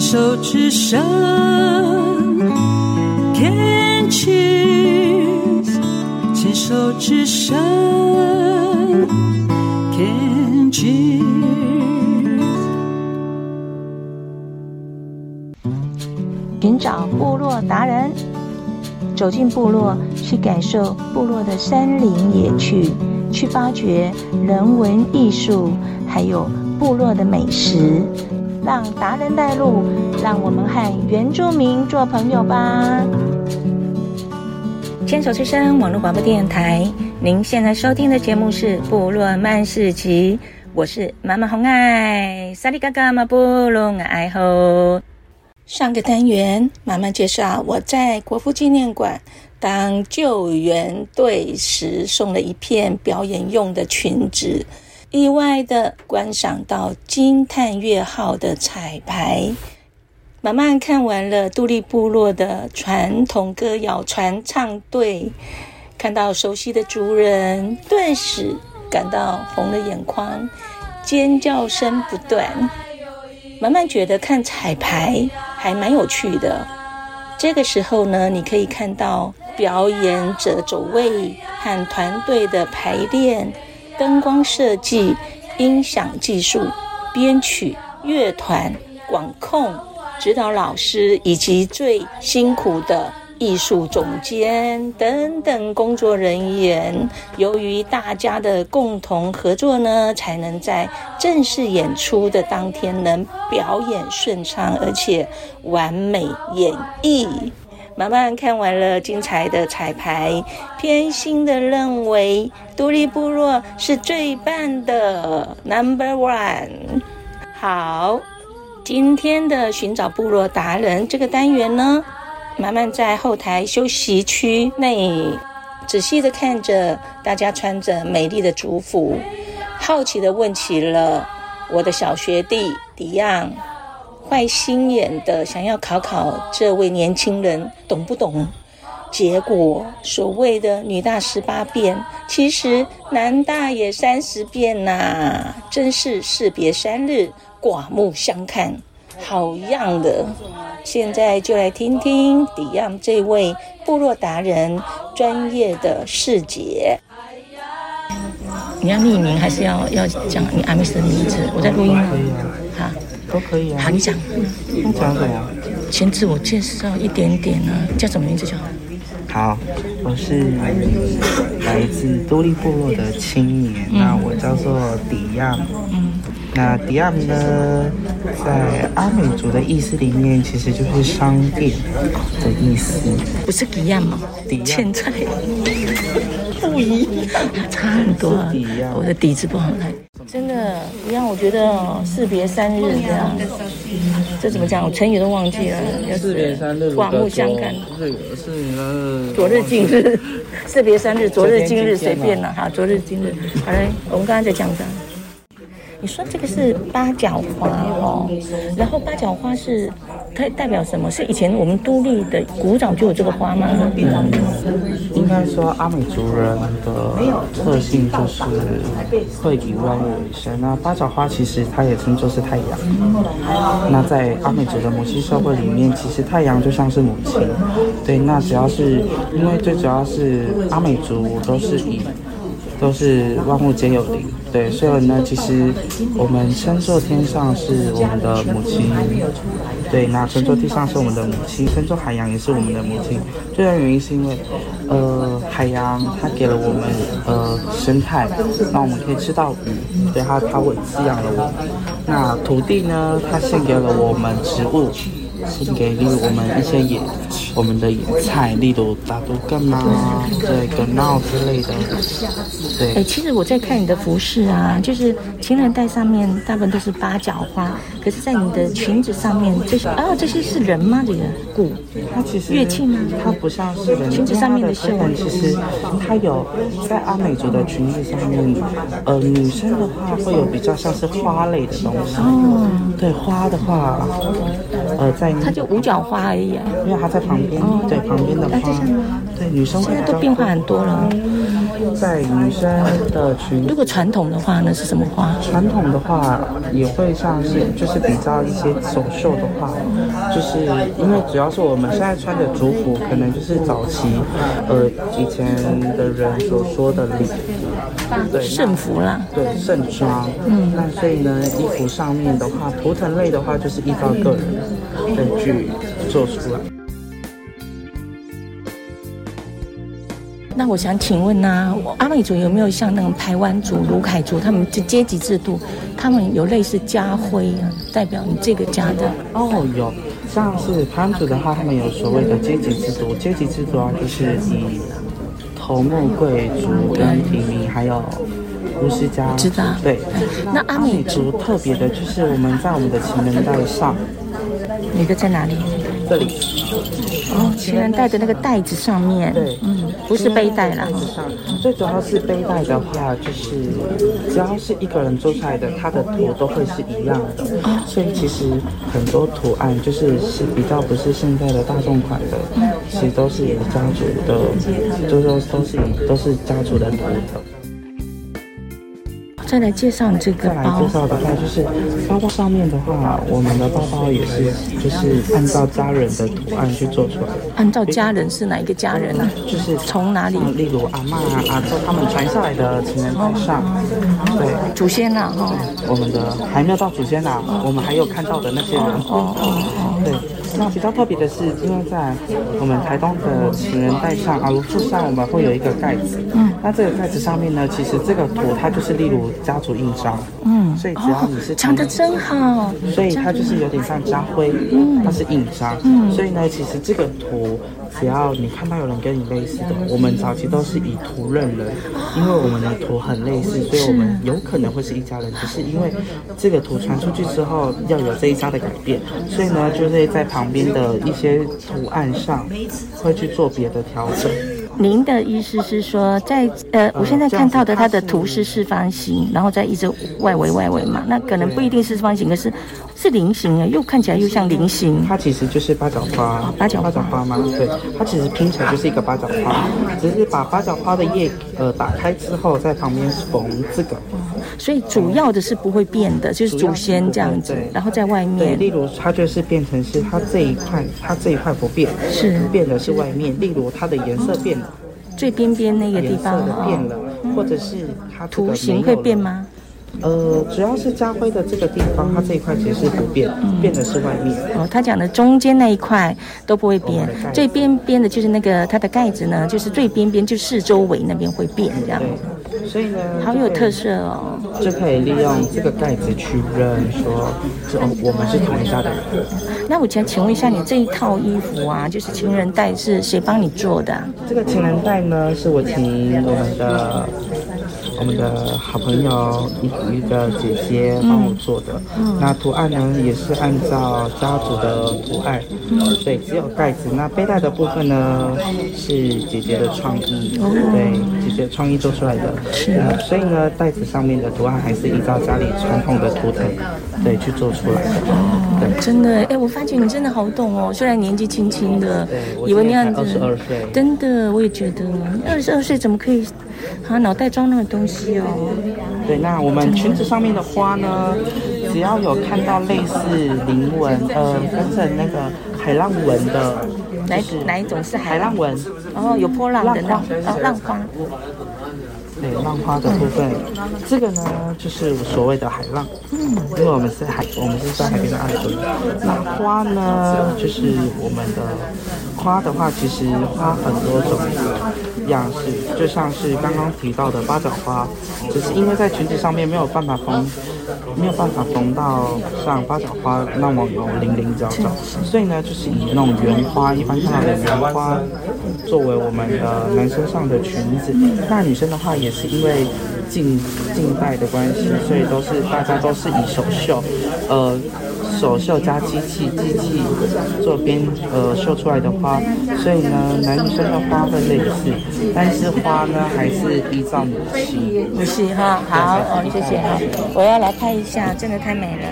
牽手之聲，天晴。牽手之聲，天晴。尋找部落達人，走進部落，去感受部落的山林野趣，去發掘人文藝術，還有部落的美食。讓達人帶路，讓我們和原住民做朋友吧。牽手之聲網絡廣播電台，您現在收聽的節目是《部落漫市集》，我是媽媽紅愛。薩利嘎嘎嘛，部落愛吼。上個單元媽媽介紹，我在國父紀念館當救援隊時，送了一片表演用的裙子。意外的觀賞到《驚嘆月號》的彩排，慢慢看完了都歷部落的傳統歌謠傳唱隊，看到熟悉的族人，頓時感到紅了眼眶，尖叫聲不斷。慢慢覺得看彩排還蠻有趣的。這個時候呢，你可以看到表演者走位和團隊的排練。燈光設計、音響技術、編曲、樂團、管控、指導老師以及最辛苦的藝術總監等等工作人員，由於大家的共同合作呢，才能在正式演出的當天能表演順暢而且完美演繹。慢慢看完了精彩的彩排，偏心的認為都歷部落是最棒的 Number One。好，今天的尋找部落達人這個單元呢，慢慢在後台休息區內仔細的看着大家穿着美麗的族服，好奇的問起了我的小學弟迪昂。Dion 壞心眼的，想要考考這位年輕人懂不懂？結果所謂的“女大十八變”，其實男大也三十變吶！真是士別三日，刮目相看。好樣的！現在就來聽聽迪樣這位部落達人專業的見解。你要匿名還是要要講你阿美斯的名字？我在錄音、啊、可以呢？好。哈都可以啊。頒獎，頒獎怎樣？先自我介紹一點點啊，叫什麼名字就好？叫好，我是來自， 來自都歷部落的青年、嗯，那我叫做迪亞。嗯，那迪亞呢，在阿美族的意思裡面，其實就是商店的意思。不是迪亞嗎？迪欠債，不一樣，差很多、啊。我的底子不好來。真的，你讓，我覺得、哦、士別三日這樣，嗯、這怎麼講？成語都忘記了，要「士別三日」，刮目相看。昨日今日，士別三日，昨日今日隨便了、啊、哈。昨日今日，好嘞，我們剛剛在講的。你說這個是八角花哦，然後八角花是。它代表什麼？是以前我們都歷的古早就有這個花嗎？嗯，應該說阿美族人的特性就是會以萬物為生。那八角花其實它也稱作是太陽。那在阿美族的母系社會裡面，其實太陽就像是母親。對，那主要是因為最主要是阿美族都是以。都是萬物皆有靈，對。所以呢，其實我們稱作天上是我們的母親，對；那稱作地上是我們的母親，稱作海洋也是我們的母親。最主要原因是因為，呃，海洋它給了我們呃生態，那我們可以吃到魚，對它，它會滋養了我們。那土地呢，它獻給了我們植物。很給我們一些野，我們的野菜，例如大豆乾啊，對，個鬧之類的，對。哎，其實我在看你的服飾啊，就是情人帶上面大部分都是八角花，可是在你的裙子上面這些啊，哦，這些是人嗎？這個鼓，它其實，樂器嗎？它不像是人的。裙子上面的繡，其實它有在阿美族的裙子上面，呃，女生的話會有比較像是花類的東西。哦。對，花的話，呃，在。它就五角花而已，啊，因為它在旁邊，嗯、對旁邊的花，啊，對女生現在都變化很多了。在女生的裙。如果傳統的話，那是什麼花？傳統的話，也會像是就是比較一些走秀的話，嗯、就是因為主要是我們現在穿的族服，可能就是早期呃以前的人所說的禮服，對盛服啦，對盛裝。嗯，那所以呢，衣服上面的話，圖騰類的話，就是依照個人。證據做出來。那我想請問呢、啊，阿美族有沒有像那個排灣族、盧凱族，他們就階級制度，他們有類似家徽、啊，代表你這個家的？哦，有，像是潘族的話，他們有所謂的階級制度，階級制度啊，就是以頭目、貴族跟平民，還有巫師家族。知道。對。那阿美族、啊、特別的就是，我們在我們的情人帶上。啊你的在哪裡？這裡。哦，情人帶的那個袋子上面。對，嗯，不是背帶啦。最主要是背帶的話，就是只要是一個人做出來的，它的圖都會是一樣的。哦。所以其實很多圖案就是是比較不是現在的大眾款的，其實都是以家族的，就是說都是都是家族的圖的。再來介紹這個包。再來介紹的話就是，包包上面的話，我們的包包也是就是按照家人的圖案去做出來的。按照家人是哪一個家人啊？嗯、就是從哪裡、嗯？例如阿嬤啊、啊、阿哥他們傳下來的親人身上，對，祖先啊，我們的還沒有到祖先吶、啊嗯，我們還有看到的那些人哦。哦哦哦嗯，比較特別的是，今天在我們台東的情人帶上阿魯樹上，上我們會有一個蓋子。嗯，那這個蓋子上面呢，其實這個圖它就是例如家族印章。嗯，所以只要你是長、哦、得真好，所以它就是有點像家徽，嗯。它是印章，嗯，所以呢，其實這個圖。只要你看到有人跟你類似的，我們早期都是以圖認人，因為我們的圖很類似，所以我們有可能會是一家人。是只是因為這個圖傳出去之後，要有這一家的改變，所以呢，就會、是、在旁邊的一些圖案上會去做別的調整。您的意思是說，在呃，我現在看到的它的圖是四方形，然後再一直外圍外圍嘛？那可能不一定是四方形，可是。是菱形啊，又看起來又像菱形。它其實就是八角花、啊、八角花，八角花嗎？對，它其實拼起來就是一個八角花，啊、只是把八角花的葉呃打開之後，在旁邊縫這個、啊。所以主要的是不會變的，就是祖先這樣子，然後在外面。對，例如它就是變成是它這一塊，它這一塊不變，是、啊、變的是外面。例如它的顏色變了，哦、最邊邊那個地方變了、哦嗯，或者是它圖形會變嗎？呃，主要是家徽的這個地方，它這一塊其實是不變，嗯、變的是外面。哦，他講的中間那一塊都不會變，oh、最邊邊的就是那個它的蓋子呢，就是最邊邊就是、四周圍那邊會變這樣。所以呢，好有特色哦。就可以利用這個蓋子去認說，這、嗯哦、我們是同一家的。嗯、那我想請問一下，你這一套衣服啊，就是情人帶是誰幫你做的、啊嗯？這個情人帶呢，是我請我們的。我們的好朋友，一個姐姐幫我做的。嗯哦、那圖案呢，也是按照家族的圖案。嗯、對，只有袋子。那背帶的部分呢，是姐姐的創意。哦、對、嗯，姐姐創意做出來的。是、嗯。所以呢，袋子上面的圖案還是依照家裡傳統的圖騰，嗯、對，去做出來的。哦。真的，哎，我發覺你真的好懂哦。雖然年紀輕輕的，對。以為你二十二歲。真的，我也覺得。二十二歲怎麼可以？好、啊、像腦袋裝那個東西。對，那我們裙子上面的花呢，只要有看到類似菱紋，呃，跟着那個海浪紋的，就是、紋，哪哪一種是海浪紋？然、哦、後有波浪的浪，浪花。哦浪對，浪花的部分，嗯，這個呢就是所謂的海浪，嗯，因為我們是海，我們是在海邊的岸邊。那花呢，就是我們的花的話，其實花很多種樣式，就像是剛剛提到的八角花，只是因為在裙子上面沒有辦法縫。沒有辦法縫到像八角花那麼有零零角角，所以呢，就是以那種圓花，一般看到的圓花作為我們的男生上的裙子。那、嗯、女生的話，也是因為近近代的關係，所以都是大家都是以手繡，呃。手繡加機器，機器做邊呃繡出來的花，所以呢，男生的花都類似，但是花呢還是依照母系，母系哈。好，哦，謝謝哈。我要來拍一下，真的太美了。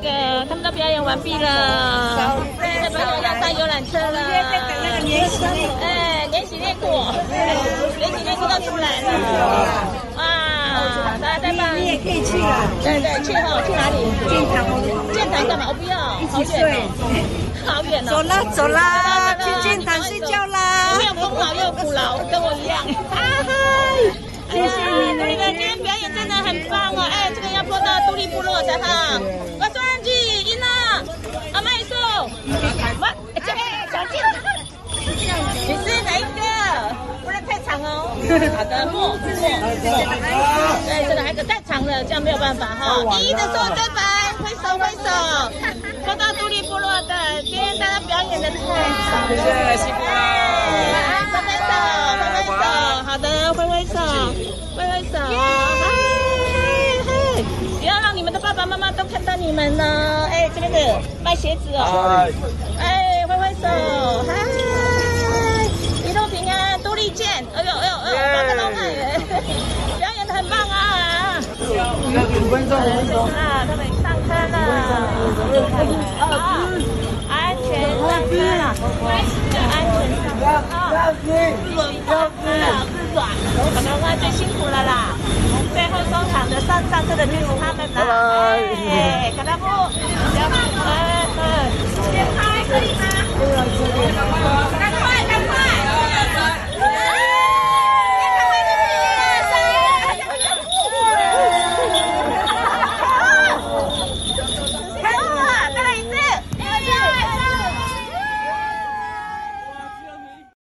對，那個他們都表演完畢了，小朋友要上遊覽車了。哎，練習練過，練習練得出來了。啊、你也可以去啊！對對，去哈、哦，去哪裡？建塘，建塘幹嘛？我不要，一起睡，好遠哦！走啦，走啦，去建堂睡覺啦！又功勞又苦勞，跟我一樣。嗨嗨、哎，謝謝你們、哎，今天表演真的很棒哦。哎，這個要播到都歷部落才好。好的，嗯、不莫、啊啊啊。太長了，這樣沒有辦法哈。啊、一的說拜拜，揮手揮手。都到都歷部落的，今天大家表演的太棒了，辛、啊、苦。揮手，揮揮手，好的，揮揮手，揮揮手。耶，嘿、啊，不要讓你們的爸爸媽媽都看到你們呢。哎、啊，這邊的賣鞋子。哎、啊，揮揮手。哈、啊。五分鐘了，他們上車了。安全上車了，安全、嗯、安全上車。小、嗯、心，小心、嗯嗯嗯嗯嗯哦嗯，自轉，自轉。啊、嗯，最辛苦了啦，嗯、最後收場的上、上上車的、這個、就是他們啦。哎，給他扶。